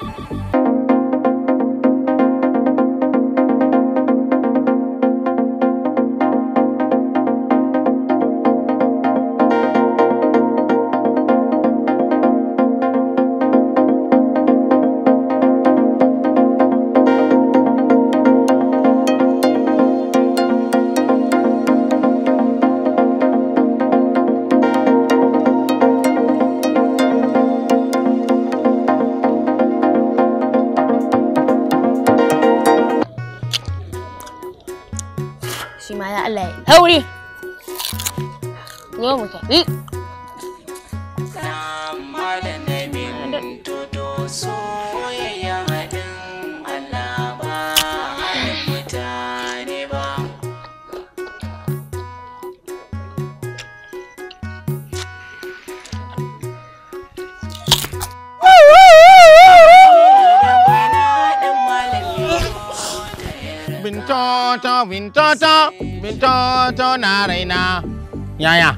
thank you sauri zo mu wintoto wintoto wintoto na raina yaya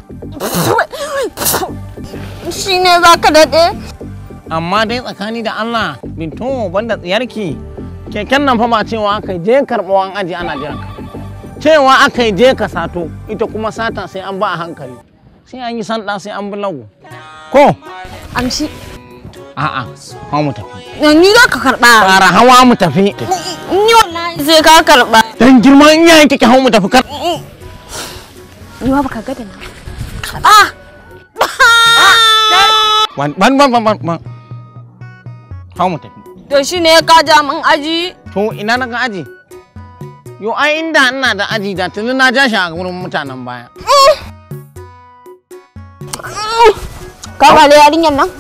shi ne za ka daɗe amma dai tsakani da allah binto banda tsiyarki keken nan fa ba cewa aka je karɓo an aji ana jiran ka cewa aka je ka sato ita kuma sata sai an ba a hankali sai an yi sanda sai an bi ko amshi A'a, hawa mu tafi. Ni za ka karɓa. Fara hawa mu tafi. Ni wallahi sai ka karɓa. Dan girma in yayin kike hawo mu tafi kar. Ruwa baka ga da na. Ah! Wan wan wan wan wan. Hawo mu tafi. To shine ya ja min aji. To ina na ga aji? Yo ai inda ina da aji da tun na ja shi a gurin mutanen baya. Mm. Ka ga yarinyar nan?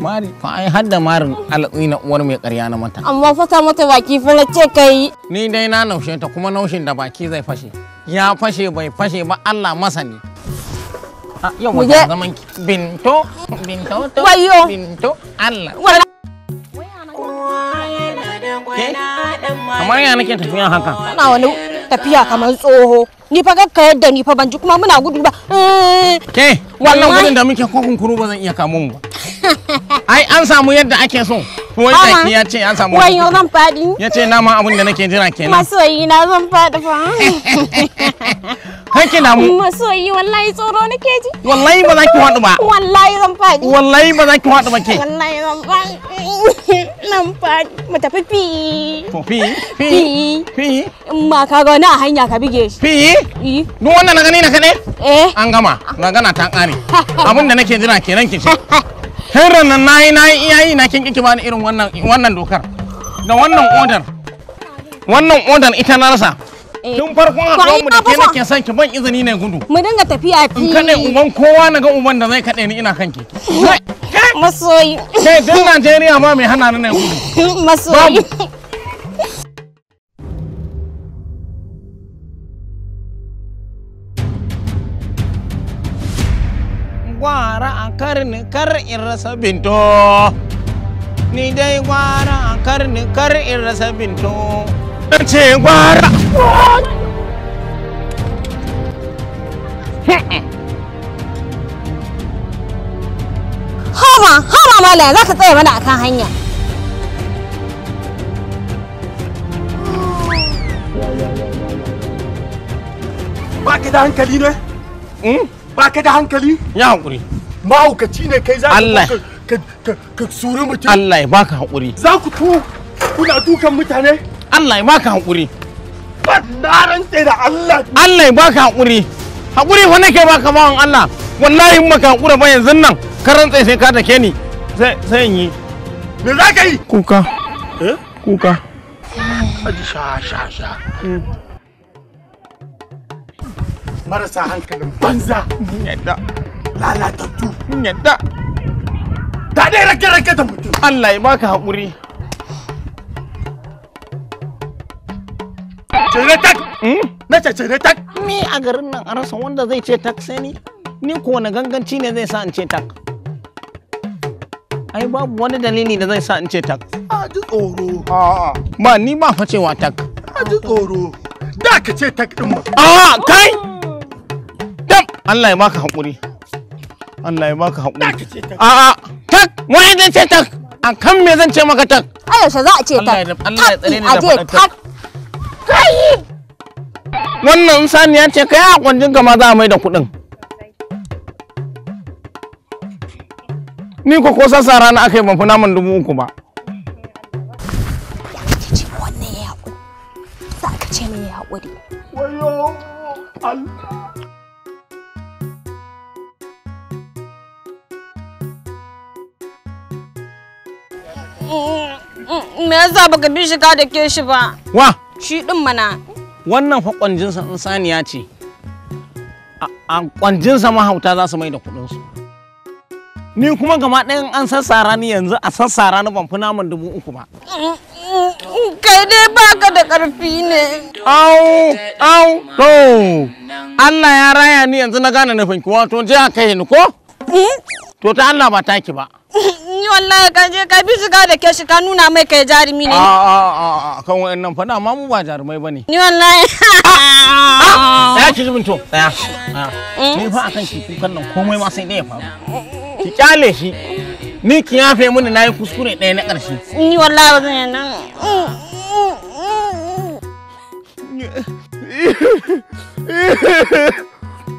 mari fa ai hadda marin alatsi na uwar mai ƙarya na mata amma fasa mata baki fa na ce kai ni dai na naushe ta kuma naushin da baki zai fashe ya fashe bai fashe ba Allah masani ah, yau wajen zaman binto binto to binto Allah kamar ya nake tafiya haka ana wani tafiya kamar tsoho ni fa kakka yadda ni fa ban ji kuma muna gudu ba ke wannan gudun da muke kokun kuru ba zan iya kamun mu ba ai an samu yadda ake so wai zaki ya ce an samu wai yau zan fadi ya ce na ma abin da nake jira kenan masoyi na zan fadi fa kanki na mu masoyi wallahi tsoro nake ji wallahi ba za ki wadu ba wallahi zan fadi wallahi ba za ki wadu ba ke wallahi zan fadi nan fadi mu tafi fi fi fi fi ma ka ga na hanya ka bige shi fi ni wannan na gani na kaɗai eh an gama magana ta kare abin da nake jira kenan ki ce Heron nan nayi nayi iyayi na kin kike bani irin wannan wannan dokar. Da wannan order. Wannan order ita na rasa. Eh. Tun farkon haɗuwar da ke nake son ki ban izini ne gudu. Mu dinga tafiya fi. In kaɗai uban kowa na ga uban da zai kaɗe ni ina kan ki. Masoyi. Kai duk Najeriya ba mai hana ni ne gudu. Masoyi. kar in rasa binto ni dai gwara kar ni kar in rasa binto dan ce gwara hama hama mala za ka tsaya mana akan hanya ba ka da hankali ne? Hmm? ba ka da hankali? ya hankuri mahaukaci ne kai za ka ka suri mutum Allah ya baka hakuri za ku tu kuna dukan mutane Allah ya baka hakuri na rantse da Allah Allah ya baka hakuri hakuri fa nake baka bawan Allah wallahi in maka hakura ba yanzu nan ka rantse sai ka take ni sai sai yi me za ka yi kuka eh kuka aji sha sha sha marasa hankalin banza yadda lalatattu mun yadda ta dai rake rake da mutum Allah ya maka haƙuri cire tak hmm? na ce cire tak ni a garin nan a rasa wanda zai ce tak sai ni ni ko wani ganganci ne zai sa in ce tak ai babu wani dalili da zai sa in ce tak a ji tsoro ba ni ma fa cewa tak a ji tsoro da ka ce tak din ma a kai dam Allah ya maka haƙuri Allah ya baka haƙuri. A'a, tak, wani zan ce tak, a kan me zan ce maka tak? A za a ce tak, tak ɗin a je tak. Kai! Wannan ya ce kai a kwanjin ma za a mai da kuɗin. Ni ko ko sa rana aka yi ban fi naman dubu uku ba. Wannan ya haƙuri, za ka ce mai ya haƙuri. Wayo, Allah! Me yasa baka bi shi ka da ke shi ba? Wa? Shi din mana. Wannan fa kwanjinsa in saniya ce. A kwanjinsa mahauta za su mai da su Ni kuma gama ɗayan an sassara ni yanzu a sassara ni ban fi naman dubu uku ba. Kai dai baka da ƙarfi ne. Au, au, to. Allah ya raya ni yanzu na gane nufin ki wato je a kai ni ko? Hmm? To ta Allah ba taki ba. wallahi kan je ka bi shiga da ke shi ka nuna mai kai jarumi ne. A a a kan wayannan fa ma mu ba jarumai bane. Ni wallahi. Ya ci zubin to. Ya. Hmm? Ni fa akan ki kukan nan komai ma sai ya faru. Ki kyale shi. Ni ki y'a yafe mini nayi kuskure ɗaya na ƙarshe. Ni wallahi ne ne yi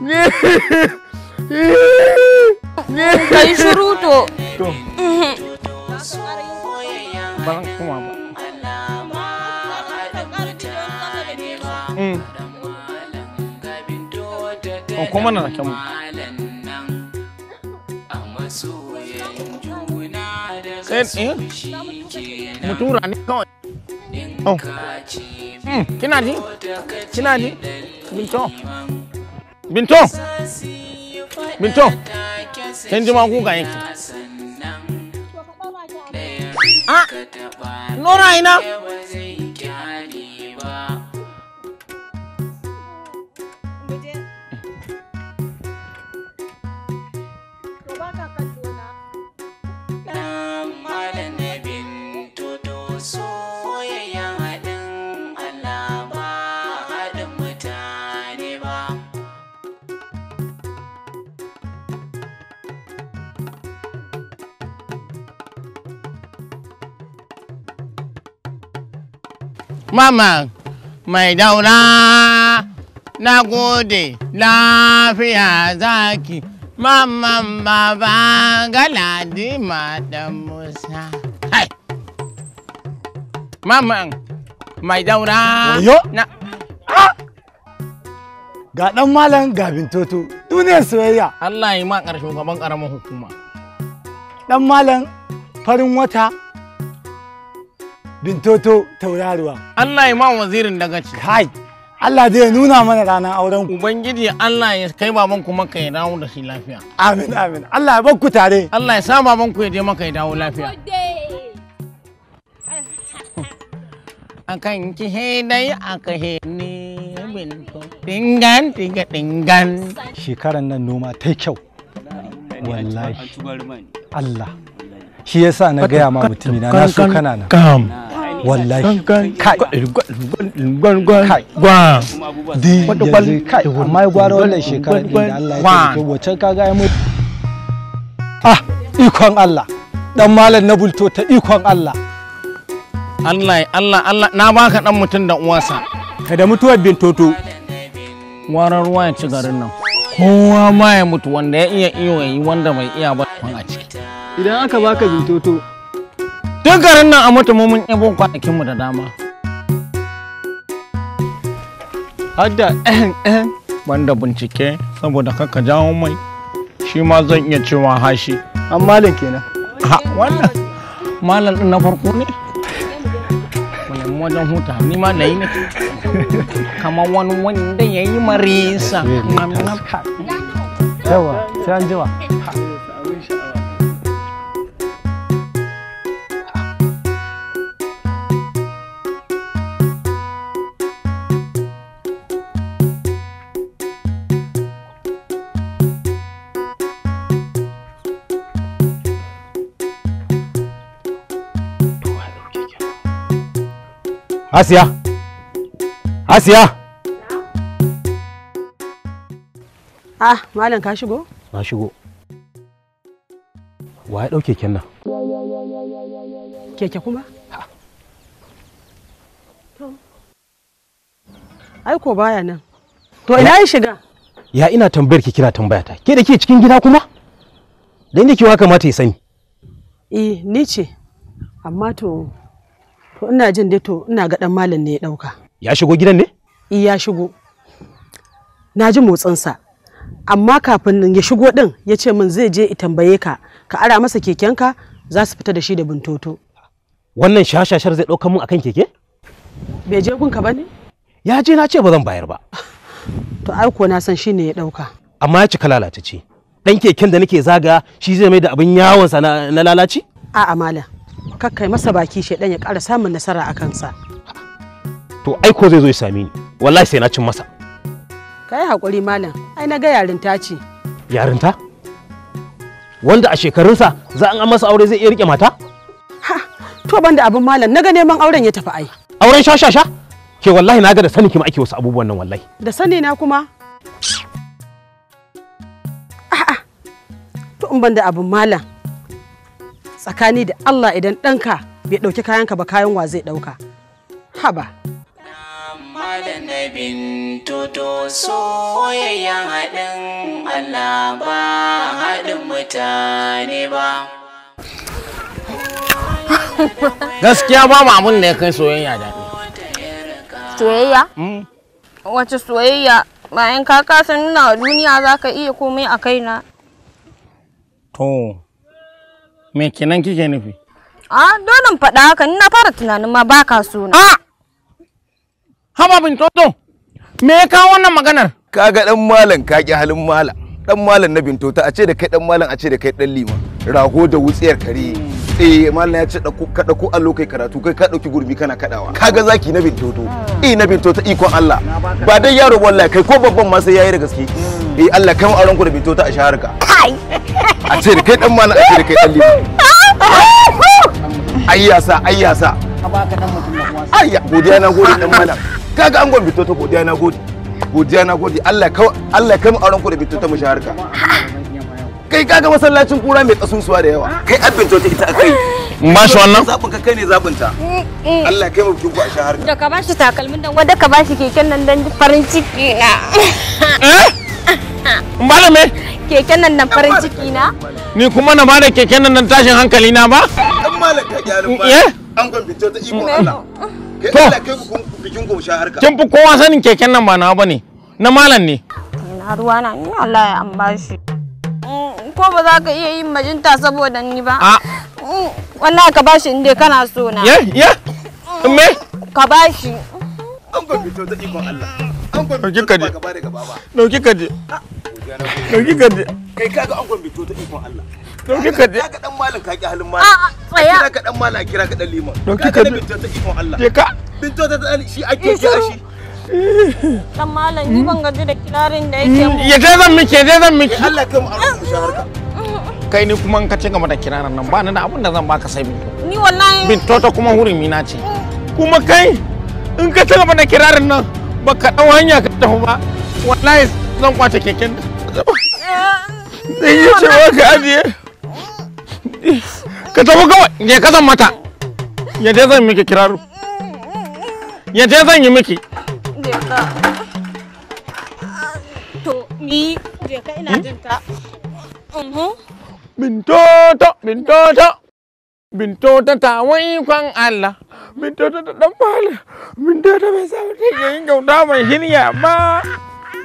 ne ne ne ne mana raken mu mu tura ne kawai oh hmm, kina ji kina ji binto binto binto kin ji ma kuka yake a ah! nora ina mama mai daura na gode lafiya zaki maman baba galadi madan musa hai maman mai daura yo na ga ɗan malam gabin toto, duniyar soyayya Allah yi ma ƙarshen gaban ƙaramin hukuma Ɗan malam farin wata bintoto tauraruwa. Allah ya ma wazirin daga ci. Kai, Allah zai nuna mana ranar auren ku. Ubangiji Allah ya kai baban ku maka ya dawo da shi lafiya. Amin amin. Allah ya ku tare. Allah ya sa baban ku ya je maka ya dawo lafiya. Akan ki hedai aka ne binto. Dingan dinga dingan. Shekaran nan noma ta kyau. Wallahi. Allah. shi yasa na gaya ma mutumina na so kana nan wallahi kai kai amma gwara wannan shekara din da Allah ya kai wacce kaga ya mutu ah ikon Allah dan malam na bulto ta ikon Allah Allah Allah Allah na baka dan mutun da uwansa ka da mutuwar bin toto. warar ruwa ya ci garin nan kowa ma ya mutu wanda ya iya iyo yi wanda bai iya ba a ciki idan aka baka toto. Duk garin nan a mata mu mun ɗebo kwanakinmu da dama. Hadda ɗan ɗan banda bincike saboda kanka jawo mai shi ma zan iya cewa hashi. An malam kenan. Ha wannan malam ɗin na farko ne? Mu nemi wajen huta ni ma na yi ne. Kamar wani wanda ya yi marisa. Yawa sai an jiwa Asiya! Asia. Ah, Malam ka shigo? Na shigo. Wa ya ɗauke keken nan? Keke kuma? Ai ko baya nan. To ina ya shiga? Ya ina tambayar ki kina tambaya ta. Ke da ke cikin gida kuma? Da inda wa kamata ya sani. Eh, ni ce. Amma to to ina jin dai to ina ga dan malam ne ya dauka ya shigo gidan ne ya shigo na ji motsinsa amma kafin ya shigo din ya ce min zai je tambaye ka ka ara masa kekenka za su fita da shi da buntoto wannan shashashar zai dauka mun akan keke bai je gunka ba ne ya je na ce ba zan bayar ba to ai ko na san shi ne ya ɗauka amma ya cika ce, 'dan keken da nake zaga shi zai mai da abin yawon sa na lalaci a'a malam kakkai masa baki shaidan ya ƙara samun nasara a kansa to ai ko zai zo ya same ni wallahi sai na cin masa kai hakuri malam ai na ga yarinta ce yarinta wanda a shekarunsa za an masa aure zai iya rike mata ha to banda abin malam ga neman auren ya tafi ai auren sha sha sha ke wallahi na ga da sani kima ake wasu abubuwan nan wallahi da sani na kuma a'a to in banda abin malam tsakani da Allah idan ɗanka bai ɗauki kayanka ba kayan wa zai ɗauka. Haba. Malanabin toto soyayyen haɗin Allah ba haɗin mutane ba. Gaskiya ba mu abin da ya kai soyayya daɗi. Soyayya? Hmm? Wace soyayya? Bayan ka kasa nuna duniya za ka iya komai a kaina. To, me kenan kike nufi a dole faɗa haka na fara tunanin ma ba ka so na haba bin toto me ya kawo wannan maganar kaga dan malam ka ki halin malam dan malam na bintoto a ce da kai dan malam a ce da kai dan lima rago da wutsiyar kare eh malam ya ce ku ka ku allo kai karatu kai ka dauki gurbi kana kadawa kaga zaki na bintoto hmm. eh na bintoto, ikon Allah ba dai yaro wallahi kai ko babban ma sai yayi da gaske hmm. eh Allah kai mu aron ku da bintoto a shaharka kai a ce da kai dan mana a ce da kai dan liman ya sa ka baka dan mutum da kuma ayya godiya na gode dan malam kaga an gon bito ta godiya na gode godiya na gode Allah ka Allah ka mu auren ku da bito ta mu kai kaga masallacin kura mai suwa da yawa kai abin ta ita akai ba shi wannan zabin ka kai ne zabin ta Allah kai mu ku a shaharka da ka bashi takalmin dan wanda ka bashi keken nan dan farin ciki na eh? malame keken nan nan farin ciki na? Ni kuma na bada keken nan tashin hankali na ba? Eh? An malaka gyanin ba. An kan fito ta iko eh. Allah. To, bikin gosha harka. Kin fi kowa sanin keken nan ba na ba ne. Na malam ne. Na ruwa na ni Allah ya an bashi. Mm, ko ba za ka iya yin majinta saboda ni ba? A. Ah. Mm, ka bashi inda kana so na. Ye, ye. Mm, Me? Ka bashi. An kan fito ta iko Allah. dauki kaje dauki kaje dauki kaje kai kaga angon bito ta ikon Allah dauki kaje kaga dan malin kaki halin malin a kira kaga dan malin kira ka dan liman dauki kaje bito ta ikon Allah je ka bito ta shi ake kira shi dan malin ni ban gaji da kirarin da yake mu ya dai zan miki dai zan miki Allah kai mu kai ni kuma in ka ci gaba da nan ba ni da abin da zan baka sai binto ni wallahi binto ta kuma hurumi na ce kuma kai in ka ci gaba kirarin nan ba ka ɗau hanya ka tafi ba wallahi zan kwace keken zai yi ba ka ajiye ka tafi kawai ya ka zan mata ya je zan miki kiraro ya je zan yi miki to ni je ka ina hmm? jinta bintoto bintoto Binto ta tawon kwan Allah, Binto ta ta ɗan min tota ta mai samu ta ke yin gauta mai hirya ba,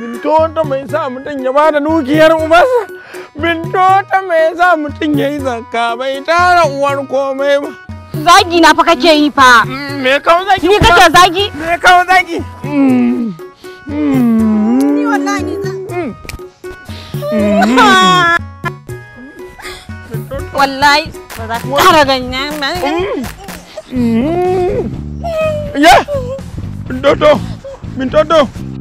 min ta mai sa mutum ya bada nukiyar umarsa, min ta mai sa mutum ya yi zakka bai tara uwar komai ba. Zagi na fa kake yi fa. Mm, me kawo zagi? Ni kake zagi? Me kawo zagi? Mm, mm. Ni Wallahi. Caraganya, mana? Ya, minta tu, minta tu.